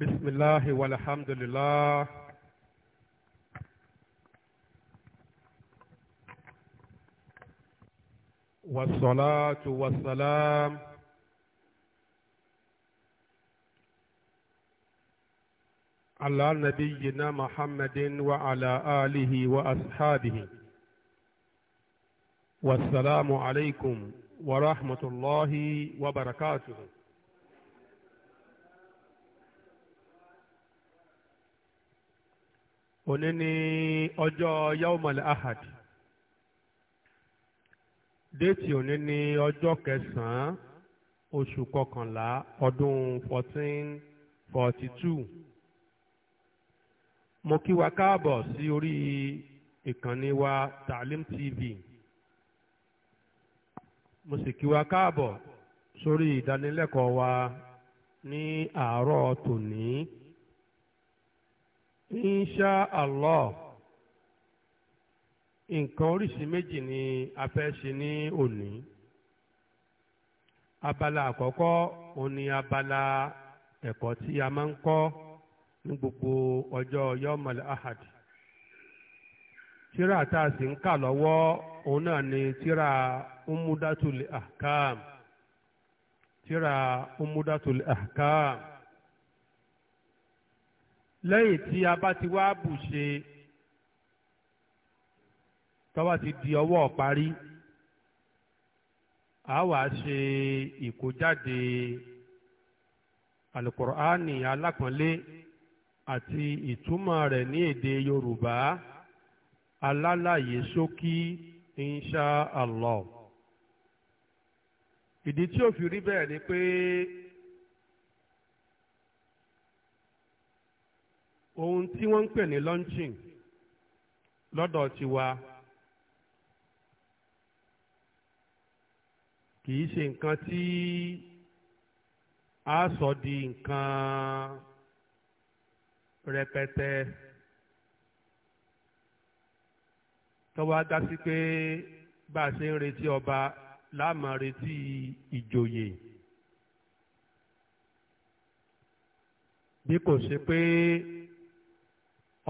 بسم الله والحمد لله والصلاة والسلام على نبينا محمد وعلى آله وأصحابه والسلام عليكم ورحمة الله وبركاته òní ní ọjọ́ yaumal ahad déètì òní ní ọjọ́ kẹsàn-án oṣù kọkànlá ọdún fourteen forty two mo kí wa káàbọ̀ sí orí ìkànnì wa Taalim TV mo sì kí wa káàbọ̀ sórí ìdánilẹ́kọ̀ọ́ wa ní àárọ̀ tòní. insha allah nǹkan oríṣi méjì ni a fẹ́ ṣe ní òní abala àkọ́kọ́ òun ni abala ẹ̀kọ́ tí a máa ń kọ́ ní gbogbo ọjọ́ yọmọlẹ ahad tíra tá a sì ń kà lọ́wọ́ òun náà ni tíra umudatul ahkam tíra umudatul ahkam. lẹ́yìn tí a bá ti wá bù ṣe tọ́wọ́ ti di ọwọ́ parí a wá ṣe ìkójáde alukur'ani alápọ̀nlé àti ìtumọ̀ rẹ̀ ní èdè Yorùbá alálàyé ṣókí insha Allah ìdí tí ó fi rí bẹ́ẹ̀ ni pé. ohun tí wọ́n ń pè ní launching lọ́dọ̀ tiwa kì í ṣe nǹkan tí a sọ di nǹkan rẹpẹtẹ tọ́wọ́ á dá sí pé bá a ṣe ń retí ọba láàmà retí ìjòyè. bí kò ṣe pé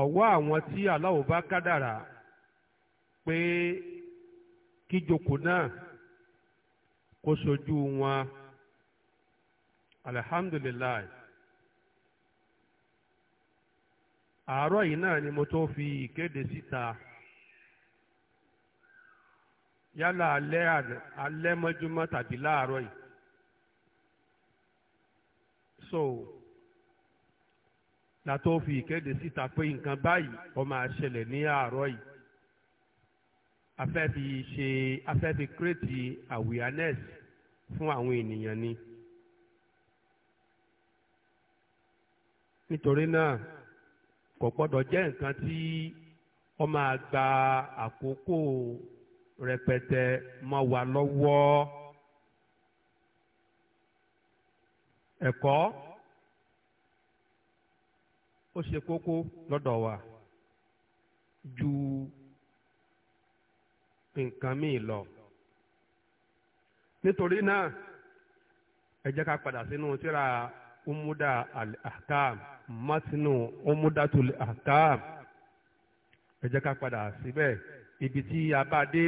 ọ̀wọ́ àwọn tí aláwo bá kádàrà pé kíjoko náà kó sojú wọn alihamdulilayi àárọ̀ yìí náà ni mo tó fi ìkéde síta yálà alẹ́ alẹ́ tàbí láàárọ̀ yìí so látó fi ìkéde síta pé nǹkan báyìí ó máa ṣẹlẹ̀ ní àárọ̀ yìí afẹ́fi ṣe afẹ́fi kírètì awareness fún àwọn ènìyàn ni. nítorí náà kò gbọ́dọ̀ jẹ́ nǹkan tí ó máa gba àkókò rẹpẹtẹ mọ́ wa lọ́wọ́ ẹ̀kọ́. E ó ṣe kókó lọ́dọ̀ wa ju nǹkan míì lọ nítorí náà ẹ jẹ́ ká padà sínú tírà umuda al-ahkam matinu umudatul ahkam ẹ jẹ́ ká padà síbẹ̀ ibi tí a bá dé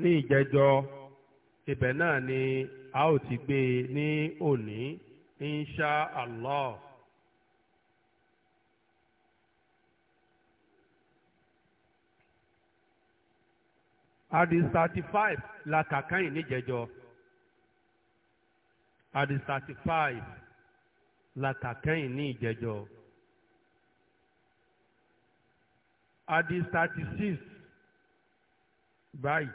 ní ìjẹjọ ibẹ̀ náà ni a ó ti gbé e ní òní insha allah. hadith thirty five la kàkà yìí níjẹjọ hadith thirty five la kàkà yìí ní ìjẹjọ hadith thirty six báyìí.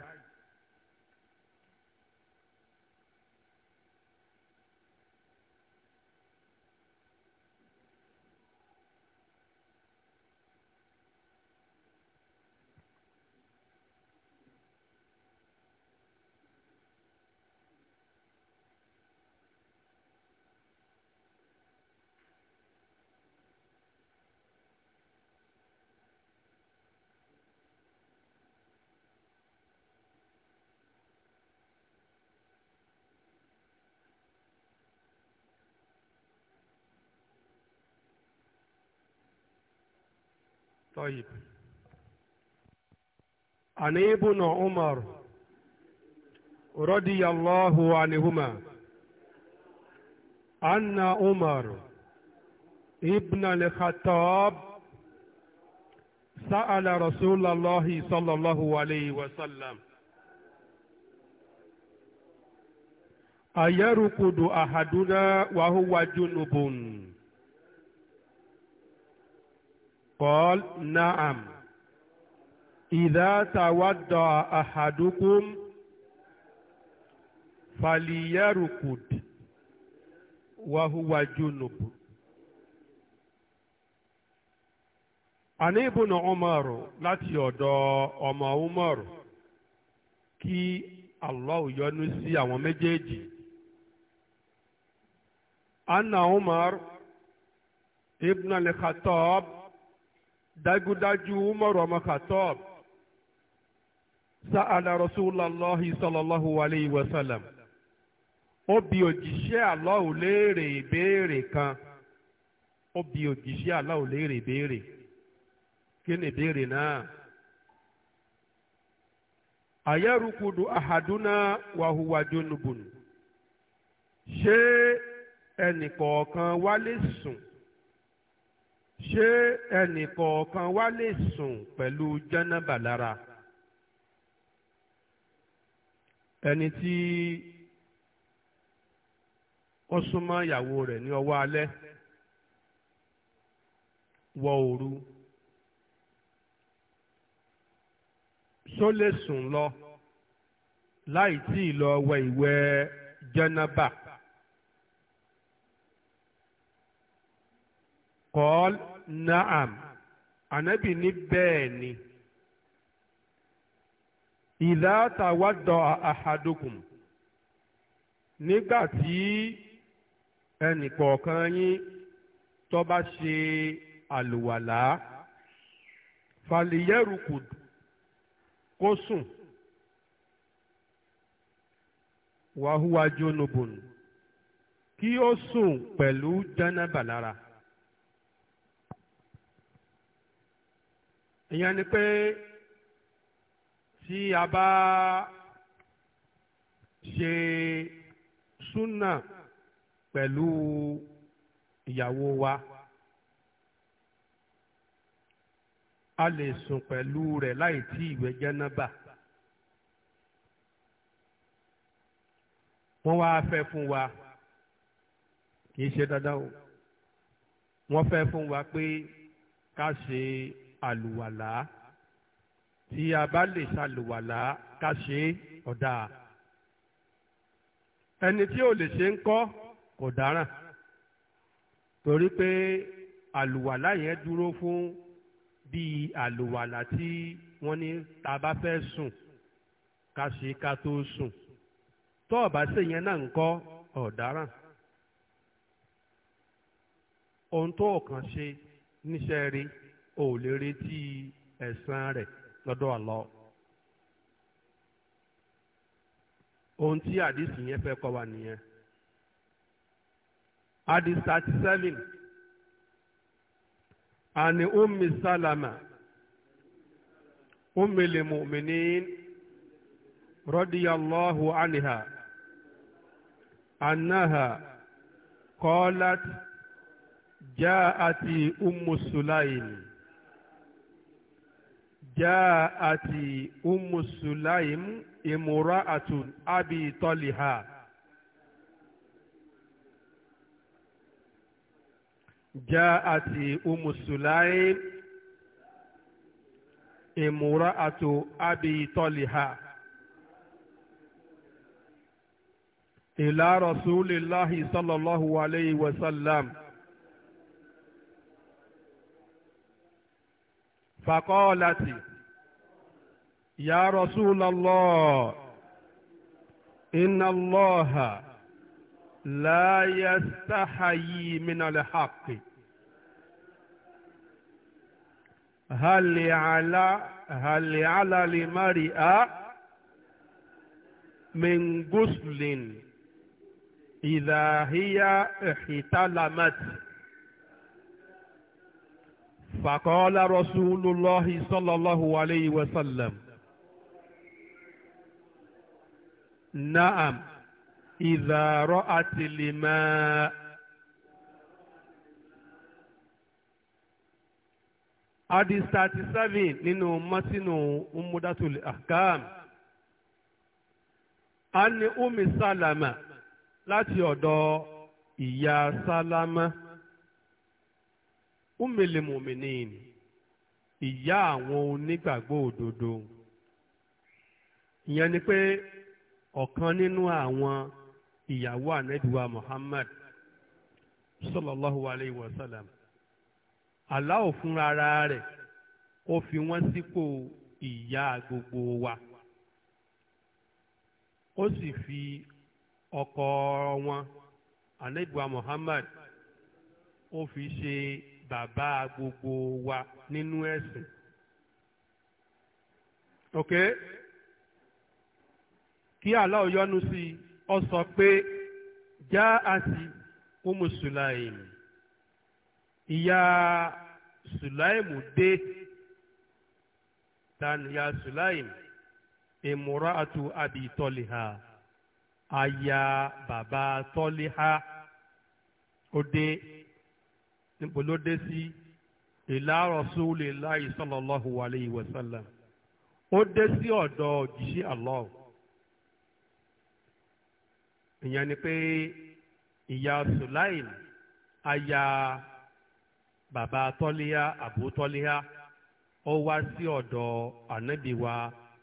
طيب عن ابن عمر رضي الله عنهما أن عمر ابن الخطاب سأل رسول الله صلى الله عليه وسلم أيركض أحدنا وهو جنب قال نعم إذا تودع أحدكم فليركض وهو جنب عن ابن عمر لا تيودا أما عمر كي الله ينسي ومجيجي أن عمر ابن الخطاب dájúdájú umar ọmọ khatob sa'ala rasulallahi sallallahu alayhi wa sallam obi bi òjíṣẹ́ Allah léèrè ìbéèrè kan ó bi òjíṣẹ́ Allah léèrè ìbéèrè kí ni ìbéèrè náà ayarukudu ahaduna wahuwa junubun ṣé ẹnìkọ̀ọ̀kan wa lè sùn ṣé ẹnìkọ̀ọ̀kan wá lè sùn pẹ̀lú jánábà lára ẹni tí ó súnmọ́ ìyàwó rẹ̀ ní ọwọ́ alẹ́ wọ òru só lè sùn lọ láì tí ì lọ wẹ ìwẹ̀ jánábà. kọ́ọ́l naam ànábì ní bẹ́ẹ̀ ni ìlà tàwádọ̀ àhàdùkùn nígbà tí ẹnì kọ̀ọ̀kan yín tó bá ṣe àlùwàlá fàlìyẹ́rùkù kó sùn wàhùwà jónúbùn kí ó sùn pẹ̀lú jánábà lára. ìyẹn ni pé tí a bá ṣe súnà pẹ̀lú ìyàwó wa a lè sùn pẹ̀lú rẹ̀ láì tí ìwẹ̀ jánábà. wọ́n wá fẹ́ fún wa kì í ṣe dandan o wọ́n fẹ́ fún wa pé ká ṣe àlùwàlá tí a bá lè ṣàlùwàlá ká ṣe ọ̀dà ẹni tí ò lè ṣe ń kọ́ kò dáràn torí pé àlùwàlá yẹn dúró fún bíi àlùwàlá tí wọ́n ní ta bá fẹ́ sùn ká ṣe ká tó sùn tó o bá yẹn náà ń kọ́ ọ̀daràn ohun tó o ṣe níṣẹ́ rí. o ò lè retí ẹ̀san rẹ̀ lọ́dọ̀ Allah. ohun tí àdìsí yẹn fẹ́ kọ́ wa nìyẹn. àdìsí thirty seven àni ummi salama ummi lil mu'minin radiyallahu anha annaha qalat àti ummu sulaym. جاءت أم سليم امرأة أبي طلحة جاءت أم سليم امرأة أبي طلحة إلى رسول الله صلى الله عليه وسلم فقالت يا رسول الله إن الله لا يستحيي من الحق هل على هل على لمرئة من غسل إذا هي احتلمت فقال رسول الله صلى الله عليه وسلم نعم إذا رأت الماء Hadis 37 nínú Mọ́sínú Umudatul Ahkam. A ní Umi Salama láti ọ̀dọ̀ ìyá Salama. ummil mu'minin ìyá àwọn onígbàgbọ́ òdodo ìyẹn ni pé ọ̀kan nínú àwọn ìyàwó ànẹ́dùwà Muhammad sallallahu alayhi wa sallam aláwò fúnra ara rẹ̀ ó fi wọ́n sípò ìyá gbogbo wa ó sì fi ọkọ wọn ànẹ́dùwà Muhammad ó fi ṣe bàbá gbogbo wa nínú ẹ̀sìn. ok kí Allah yọ́nú sí i ó sọ pé já àti umu sulaim ìyá sulaim dé tani ìyá sulaim ìmúra àtú àbí tọ́lìhà aya bàbá tọ́lìhà ó dé. níbo si dé sí lai Rasulillahi sallallahu alayhi wa sallam ó dé sí ọ̀dọ̀ òjíṣẹ́ Allah ìyẹn ni pé ìyá Sùláìm aya bàbá tọ́líhá àbú tọ́líhá ó wá sí ọ̀dọ̀ ànábìwá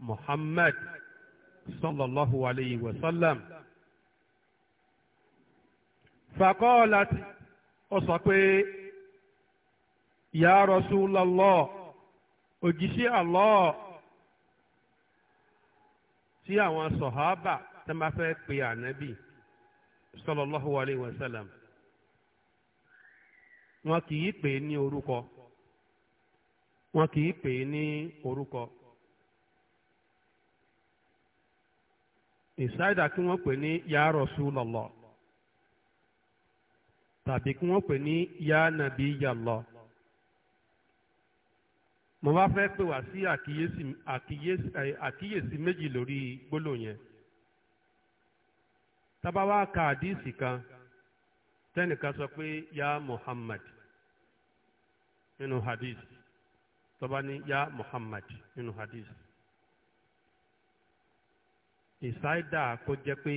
Muhammad sallallahu alayhi wa sallam fàkọ́ọ̀lá ó sọ pé ya Rasulallah òjíṣẹ́ Allah tí àwọn sọ̀hábà tẹ́ ma fẹ́ pe ànábì sallallahu Alaihi Wasallam. sallam wọn kì í pè é ní orúkọ wọn kì í pè é ní orúkọ ìsáìdà kí wọ́n pè ní ya Rasulallah tàbí kí wọ́n pè ní ya Nabiyallah. mo bá fẹ́ pè wá sí àkíyèsí àkíyèsí àkíyèsí méjì lórí gbólóhùn yẹn tábà wá ka àdíìsì kan tẹ́nìkan sọ pé ya Muhammad nínú hadith tó ní ya Muhammad nínú hadith ìsáídà kó jẹ́ pé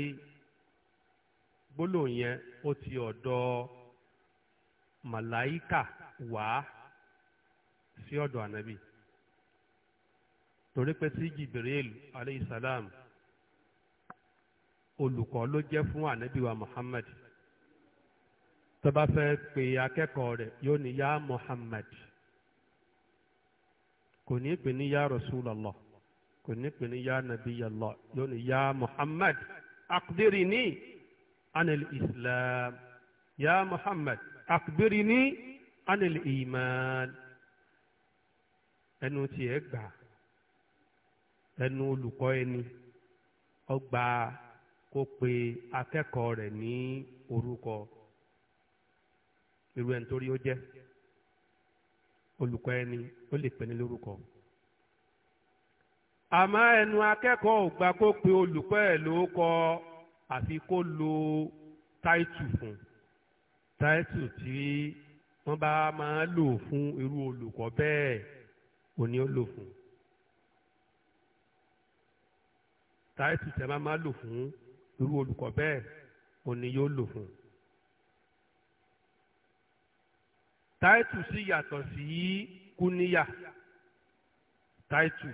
gbólóhùn yẹn ó ti ọ̀dọ̀ màláíkà wá sí ọ̀dọ̀ ànábì torí pé sí Jibril aleyhisalaam olùkọ́ ló jẹ́ fún ànábì wa Muhammad tó bá fẹ́ pe akẹ́kọ̀ọ́ rẹ̀ yóò ní yá Muhammad kò ní pè ní yá Rasulallah kò ní pè ní yá Nabiyallah yóò ní yá Muhammad akdirini anil Islam yá Muhammad akdirini anil iman. ẹnu tiẹ̀ gbà ẹnu olùkọ́ ẹni ọgbà kó pe akẹ́kọ̀ọ́ rẹ̀ ní orúkọ irú ẹni torí ó jẹ́ olùkọ́ ẹni ó lè pè ní lórúkọ àmọ́ ẹnu akẹ́kọ̀ọ́ ò gbà kó pe olùkọ́ ẹ̀ lóókọ àfi kó lo táìtù fún táìtù tí wọ́n bá máa lò fún irú olùkọ́ bẹ́ẹ̀. òní ó lò fún táìtù tẹ máa máa lò fún irú olùkọ́ bẹ́ẹ̀ òní yóò lò fún táìtù sì yàtọ̀ sí kúníyà táìtù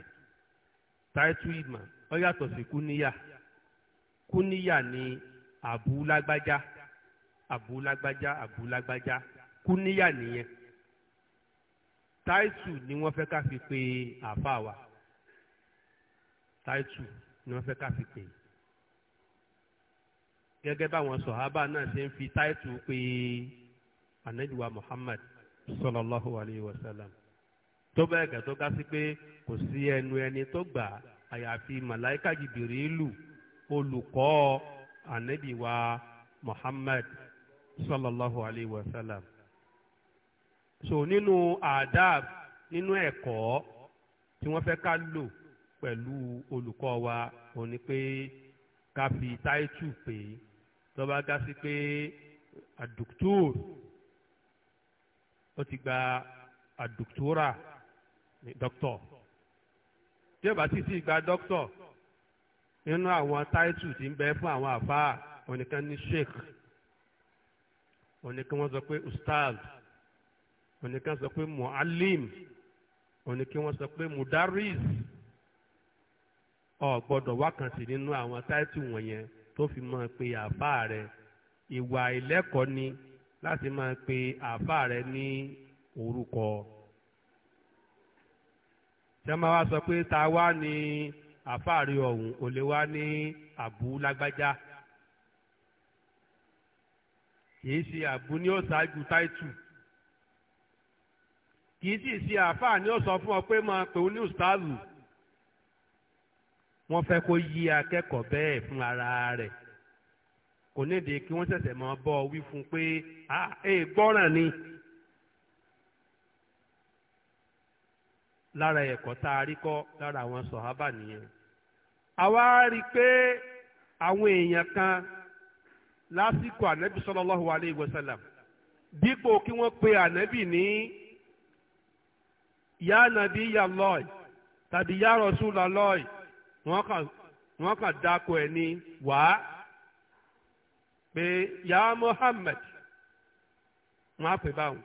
táìtù ìmọ̀ ó yàtọ̀ sí kúníyà kúníyà ni àbúlágbájá àbúlágbájá àbúlágbájá kúníyà nìyẹn táìtù ni wọ́n fẹ́ ká fi pe àáfàá wa táìtù ni wọ́n fẹ́ ká fi pè gẹ́gẹ́ báwọn sọ̀hábà náà ṣe ń fi táìtù pé anabiwa Muhammad sallallahu alayhi wa sallam tó bẹ́ẹ̀ gẹ̀ tó ká sí pé kò sí ẹnu ẹni tó gbà àyàfi màláìka Jibrilu olùkọ́ anabiwa Muhammad sallallahu alayhi wa sallam so nínú adab nínú ẹ̀kọ́ tí wọ́n fẹ́ ká lò pẹ̀lú olùkọ́ wa ó ní pé ká fi táìtù pé tó bá ga sí pé àdùktúr ó ti gba àdùktúrà ní dókítọ̀ tí ó bá sì ti gba dókítọ̀ nínú àwọn táìtù tí ń bẹ fún àwọn àfáà ó ní kan ní sheikh ó kan wọ́n sọ pé ustaz òní kan sọ pé mu'allim òní kí wọ́n sọ pé mudaris ọ̀ gbọ́dọ̀ wákàtí nínú àwọn táìtù wọ̀nyẹn tó fi máa pe àáfàá rẹ̀ ìwà ìlẹ́kọ̀ọ́ ni láti máa pe àáfàá rẹ̀ ní orúkọ. ṣé máa wá sọ pé ta wá ní àáfàá rẹ̀ ọ̀hún ò lè wá ní àbú lágbájá kì í ṣe àbú ní ó táìtù kì í sì ṣe àáfàá ni ó sọ fún ọ pé máa pè ó ní ustaazu wọ́n fẹ́ kó yí akẹ́kọ̀ọ́ bẹ́ẹ̀ fún ara rẹ̀ kò nídìí kí wọ́n ṣẹ̀ṣẹ̀ máa bọ́ ọ wí fún pé à ẹ gbọ́ràn ni. lára ẹ̀kọ́ tá a rí kọ́ lára àwọn sọ̀hábà nìyẹn àwa rí i pé àwọn èèyàn kan lásìkò ànábì sallallahu alayhi wa sallam dípò kí wọ́n pe ànábì ní ya nàbí ya lọ́ọ̀ tàbí ya rọ̀ṣúlà lọ́ọ̀ wọ́n kàn dáko ẹ̀ ní wá pé ya Muhammad wọ́n á pè báwọn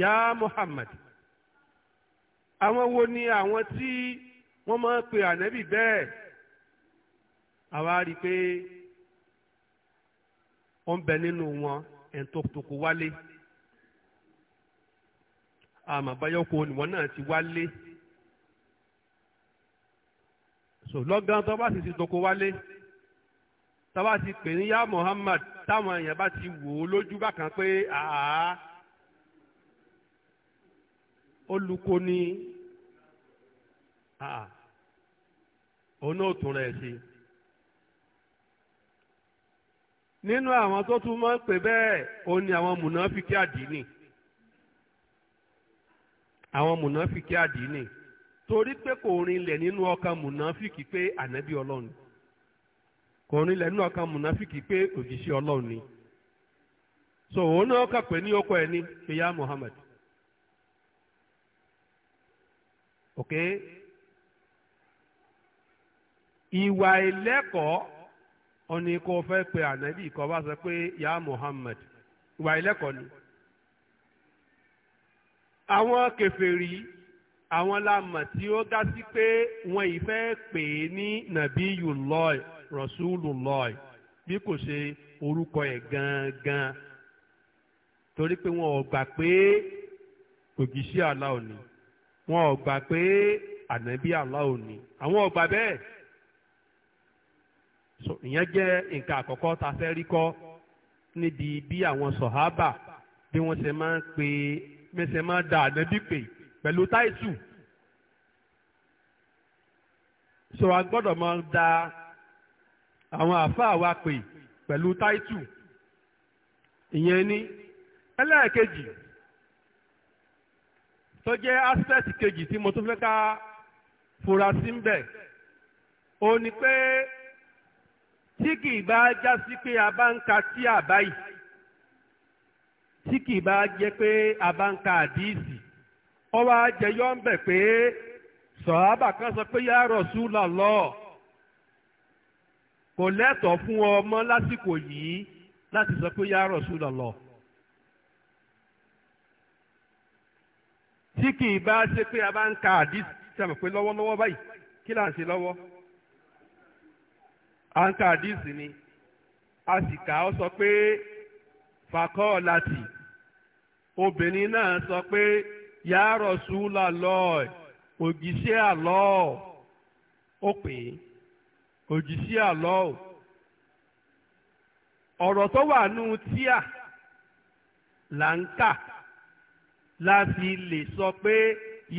ya Muhammad àwọn wo ni àwọn tí wọ́n máa ń pe ànábì bẹ́ẹ̀ àwa rí i pé ó bẹ nínú wọn ẹ̀ ń tó toko wálé àmàbáyọ́kọ nìwọ́n náà ti wálé so lọ́gán tó bá sì ti doko wálé tó bá ti pè ní yá Muhammad táwọn èèyàn bá ti wò ó lójú bákan pé àá olùkó ni àá òun náà tún rẹ̀ ṣe nínú àwọn tó tún máa ń bẹ́ẹ̀ òun ni àwọn mùnàfíkì àdínì àwọn mùnàfíkì àdínì torí pé kò rinlẹ̀ nínú ọkàn mùnàfíkì pé ànábì ọlọ́run kò rinlẹ̀ nínú ọkàn mùnàfíkì pé òjíṣẹ́ ọlọ́run ni so òun náà kà pé ní ọkọ ẹ ní ìyá Muhammad ok ìwà ìlẹ́kọ̀ọ́ ọ̀nì fẹ́ pe ànábì kọ́ bá sọ pé ìyá Muhammad ìwà ìlẹ́kọ̀ọ́ ni àwọn kèfèrí àwọn lamọ̀ tí ó dá sí pé wọn ìfẹ́ pè é ní Nabiyullah Rasulullah bí kò ṣe orúkọ ẹ̀ gangan torí pé wọn ò pé ògìṣẹ́ aláwọ̀ ni wọn ò gbà pé ànábì aláwọ̀ ni àwọn ò bẹ́ẹ̀ ìyẹn jẹ́ nǹkan àkọ́kọ́ tá fẹ́ rí kọ́ níbi bí àwọn sọ̀hábà bí wọ́n ṣe máa ń pe mẹsẹ̀ máa da ànábì pè pẹ̀lú táìsù so a gbọ́dọ̀ máa da àwọn àáfàá wa pè pẹ̀lú táìtù ìyẹn ni ẹlẹ́ẹ̀kejì tó jẹ́ aspect kejì tí mo tún fẹ́ ká fura sí ń bẹ̀ ó ní pé tí kì í bá já sí pé a bá ń ka tí àbáyìí tí kì í bá jẹ́ pé a bá ń ka àdíìsì ó wá jẹyọ ń bẹ̀ pé sọ̀hábà kan sọ pé yá Rasulullah kò lẹ́tọ̀ọ́ fún ọmọ lásìkò yìí láti sọ pé yá Rasulullah. tí kì í bá ṣe pé a bá ń ka àdíìsì tí a mọ̀ pé lọ́wọ́lọ́wọ́ báyìí kí là ń ṣe lọ́wọ́ à ń ka àdíìsì ni a sì kà á sọ pé fakọ́ọ̀láti obìnrin náà sọ pé ya Rasulullah òjíṣẹ́ Allah ó pè é òjíṣẹ́ Allah ọ̀rọ̀ tó wà nù tíà là ń kà láti lè sọ pé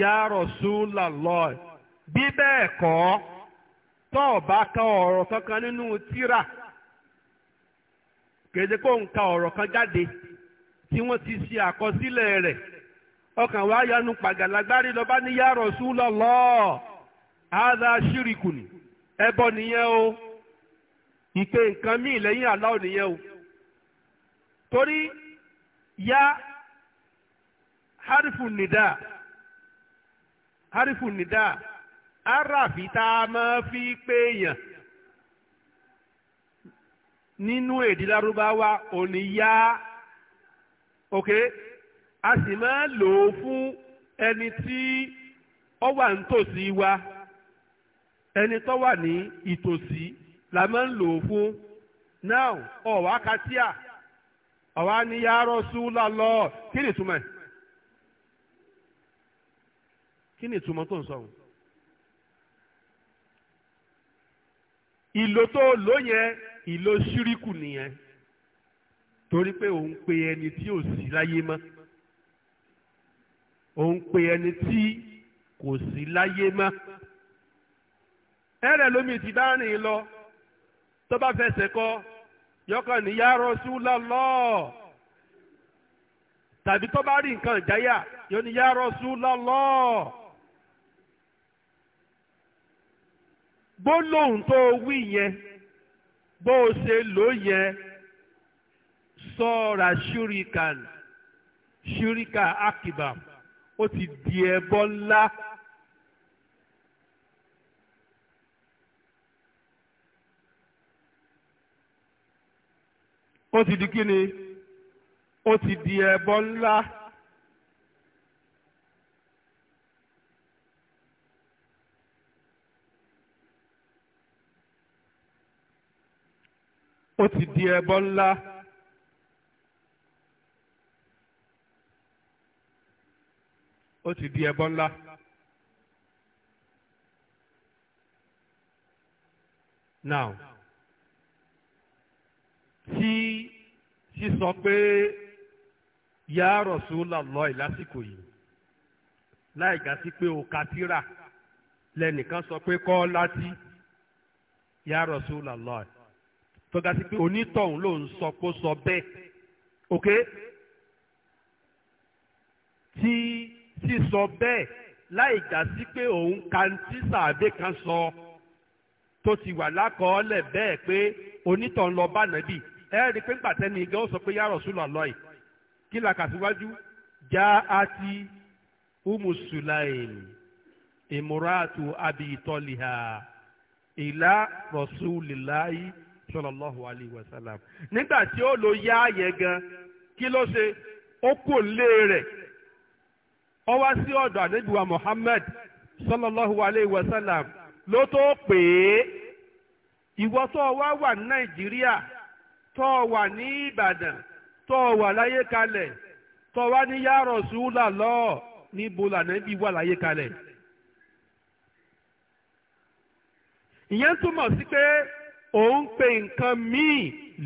ya Rasulullah bí bẹ́ẹ̀ kọ́ tọ́ọ̀ bá ka kankan nínú tíra. kèdè kó nǹka ọ̀rọ̀ kan jáde tí wọ́n ti ṣe àkọsílẹ̀ rẹ̀ ọkàn wa yanu pàgàlagbárí lọ́ba ní ya Rasulullah hadha shirikun ẹbọ nìyẹn o ìpè nǹkan míì lẹ́yìn Allah nìyẹn o torí ya harifu nìdá harifu nìdá arafi tá a máa fi pé èèyàn. nínú èdè lárúbáwá òní yá ok a sì máa lò ó fún ẹni tí ó wà nítòsí wa ẹni tó wà ní ìtòsí la máa ń lò ó fún now ọ̀wá katia ọ̀wá ni yá Rasulullah kí ni ìtumọ̀ ẹ̀ kí ni ìtumọ̀ tó ń sọ wọn. ìlò tó lò ìlò ṣíríkù nìyẹn torí pé òun pe ẹni tí ò sí láyé mọ́ òun pe ẹni tí kò sí láyé mọ́ ẹ̀rẹ̀ lómi ti bá rìn lọ tó bá fẹsẹ̀ kọ yọkàn ní ya Rasulullah tàbí tó bá rí nǹkan ìjáyà yóò ní ya Rasulullah gbólóhùn tó wí yẹn bó o ṣe lò yẹn sọ́ra shurikan shurika akiba ó ti di ẹbọ ńlá. ó ti di kíni ó ti di ẹbọ ńlá. ó ti di ẹbọ ńlá. ó ti di ẹbọ ńlá. now tí sísọ pé ya Rasulullah lásìkò yìí láì gà sí pé o ka tírà lẹ́nìkan sọ pé kọ́ láti ya Rasulullah tọ́ga sí pé onítọ̀hún ló ń sọ kó sọ bẹ́ẹ̀ ok tí sísọ bẹ́ẹ̀ láì já sí pé òun kàǹtí sàbẹ̀ kan sọ tó ti wà lákọọ́lẹ̀ bẹ́ẹ̀ pé onítọ̀hún lọ bá nàbì ẹ rí i pé gbàtẹ́ni gan ó sọ pé ya Rasulullah kí la kà síwájú já a ti umu sulaim imuratu abi toliha ila rasulillahi. sallallahu alayhi wa nígbà tí ó lo yá yẹ gan kí ló ṣe ó kò lé rẹ̀ ó wá sí ọ̀dọ̀ sallallahu wa ló tó pè é ìwọ tó wá wà ní Nàìjíríà tó wà ní Ìbàdàn tó wà láyé tó wá ní níbo wà òun pe nǹkan míì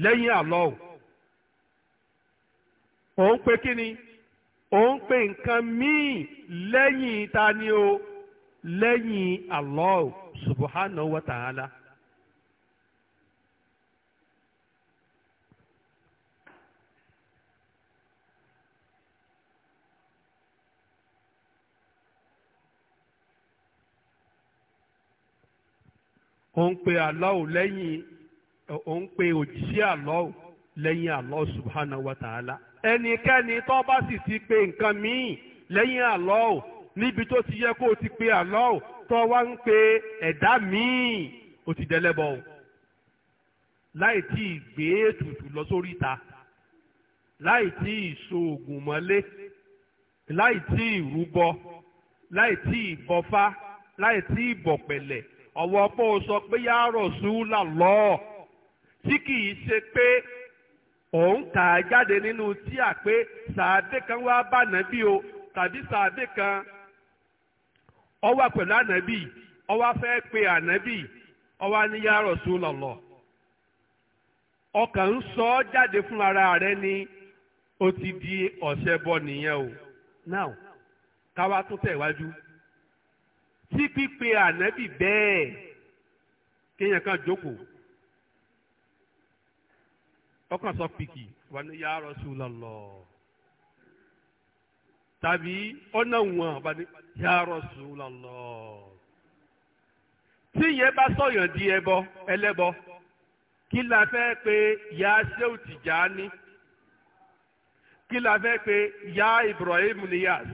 lẹ́yìn àlọ́ òun pe kí ni òun pe nǹkan míì lẹ́yìn ta ni o lẹ́yìn Allah subhanahu wa ta'ala. ó ń pe Allahu lẹ́yìn ó ń pe òjìṣẹ́ Allahu lẹ́yìn Allah subhanahu wa ta'ala ẹnikẹ́ni tó bá sì ti pe nǹkan míì lẹ́yìn Allah níbi tó ti yẹ kó o ti pe tó wá ń pe ẹ̀dá míì o ti o láì tí lọ sórí láì so oògùn mọ́lé láì tí ì rúbọ láì tí ì láì tí ọ̀wọ́ pé o sọ pé yá Rasulullah tí kì í ṣe pé òun kà á jáde nínú a pé sàádé kan wá bá nàbí o tàbí sàádé kan ó wà pẹ̀lú ànábì ó fẹ́ pe ànábì ó wá ní yá lọ ọkàn ń sọ ọ́ jáde fún ara rẹ ni ó ti di ọ̀sẹ̀ bọ nìyẹn o now káwá tún sí pípe ànábì bẹ́ẹ̀ kéèyàn kan jókòó ọkàn sọ pìkì wà ní ya Rasulullah tàbí ọ̀nà wọn wà ní ya Rasulullah tí yẹn bá sọ̀yàn di ẹbọ ẹlẹ́bọ kí la fẹ́ pé ya Ṣéù ni kí la fẹ́ pé ya Ibrahim Niyas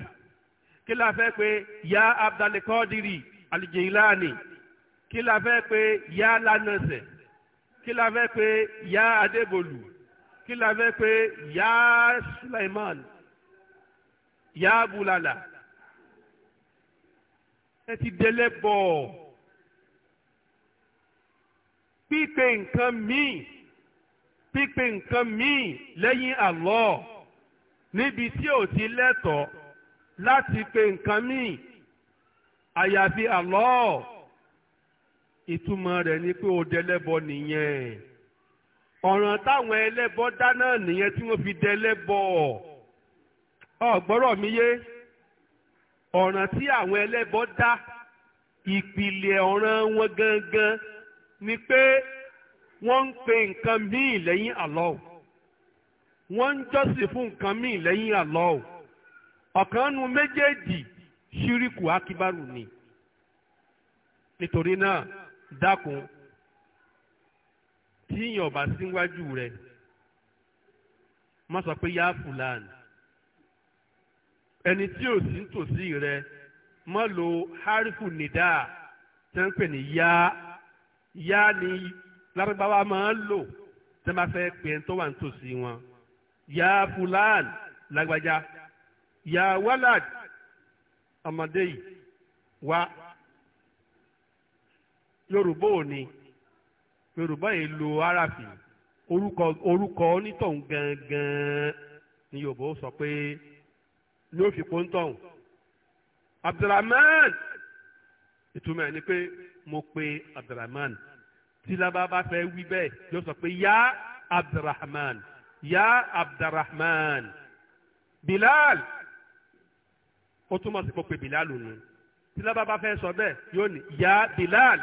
kí la fẹ́ pé ya abdulkadiri alijilani kí la fẹ́ pé ya lanase kí la fẹ́ pé ya adébólú kí la fẹ́ pé ya sulaiman ya bulala ẹ ti délé bọ̀ pípe nǹkan míì pípe nǹkan míì lẹ́yìn Allah níbi tí ò ti lẹ́tọ̀ọ́ láti pe nǹkan míì àyàfi Allah ìtumọ̀ rẹ̀ ni pé ó dẹlẹ́bọ nìyẹn ọ̀ràn táwọn ẹlẹ́bọ dáná nìyẹn tí wọ́n fi dẹlẹ́bọ ọ̀gbọ́rọ̀ mi yé ọ̀ràn tí àwọn ẹlẹ́bọ dá ìpìlẹ̀ ọ̀ràn wọn gangan ni pé wọ́n ń pe nǹkan míì lẹ́yìn Allah wọ́n ń jọ́sìn fún nǹkan míì lẹ́yìn Allah. ọ̀kan nu méjèèjì ṣíríkù akíbárù ni nítorí náà dákun tí yàn bá síwájú rẹ má sọ pé yá fúlàní ẹni tí ò sí tòsí rẹ má lo harifu nìdá tí ń pè ní yá yá ni lárúbáwá máa ń lò tí wọ́n bá fẹ́ pè ẹni tó wà nítòsí wọn yá fúlàní lágbájá yà wálàd ọmọdé yìí wá yorùbá ò ní yorùbá yìí lo aráàfì orúkọ orúkọ onítọ̀hún gangan ni yorùbá ó sọ pé ni ó fi pọ́ńtọ̀hún abdulrahman ìtumọ̀ ẹ̀ ni pé mo pe abdulrahman tí lábá bá fẹ́ wí bẹ́ẹ̀ yóò sọ pé yá abdulrahman yá abdulrahman bilal ó túmọ̀ sí pé pé Bilal nù tí lábàbá fẹ́ sọ bẹ́ẹ̀ yóò ní ya Bilal